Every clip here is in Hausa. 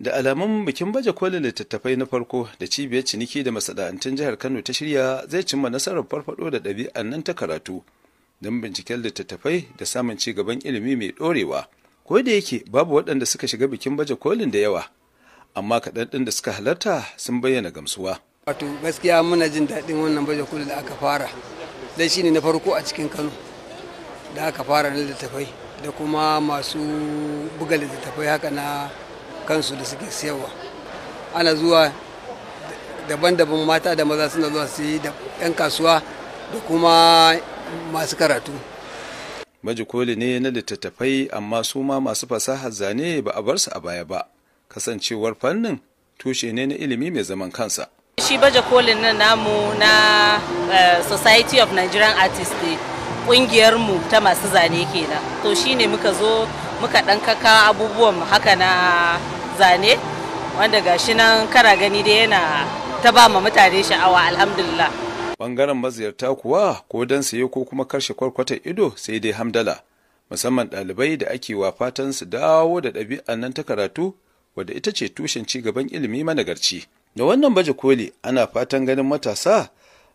da alamun bikin baje kolin littattafai na farko da cibiyar ciniki da masana'antun jihar kano ta shirya zai cimma nasarar farfado da ɗabi'an nan ta karatu don binciken littattafai da samun ci gaban ilimi mai ɗorewa ko da yake babu waɗanda suka shiga bikin baje kolin da yawa amma kaɗan ɗin da suka halarta sun bayyana gamsuwa wato gaskiya muna jin daɗin wannan baje kolin da aka fara dai ne na farko a cikin kano da aka fara na littattafai da kuma masu buga littattafai haka na kansu da suke siyarwa ana zuwa daban-daban mata da maza suna zuwa su yi da 'yan kasuwa da kuma masu karatu maji koli ne na littattafai amma su ma masu fasahar zane ba a bar su a baya ba kasancewar fannin tushe ne na ilimi mai zaman kansa shi baje kolin na namu na eh, society of nigerian artists ne kungiyarmu ta masu zane kenan to shine muka zo muka ɗan kaka abubuwan haka na zane wanda gashi nan kara gani dai yana ta ba ma mutane sha'awa alhamdulillah bangaren maziyarta kuwa ko don saye ko kuma karshe kwarkwatar ido sai dai hamdala musamman ɗalibai da ake wa fatan su dawo da ɗabi'an nan ta karatu wadda ita ce tushen ci gaban ilimi managarci da wannan baje koli ana fatan ganin matasa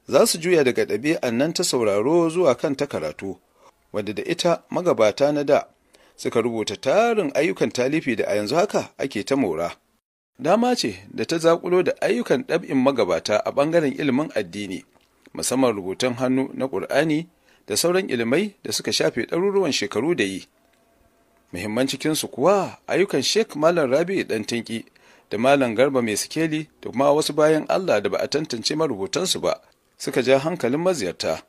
za su juya daga ɗabi'an nan ta sauraro zuwa kan ta karatu wadda da ita magabata na da suka rubuta tarin ayyukan talifi da a yanzu haka ake ta mora. Dama ce da ta zaƙulo da ayyukan ɗab'in magabata a ɓangaren ilimin addini, musamman rubutun hannu na ƙur'ani da sauran ilimai da suka shafe ɗaruruwan shekaru da yi. Muhimman cikinsu kuwa ayyukan Sheikh Malam Rabi ɗan tinki da Malam Garba mai sikeli da kuma wasu bayan Allah da ba a tantance marubutansu ba suka ja hankalin maziyarta.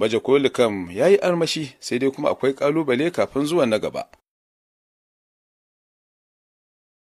baje koli kam ya yi armashi sai dai kuma akwai kalubale kafin zuwan na gaba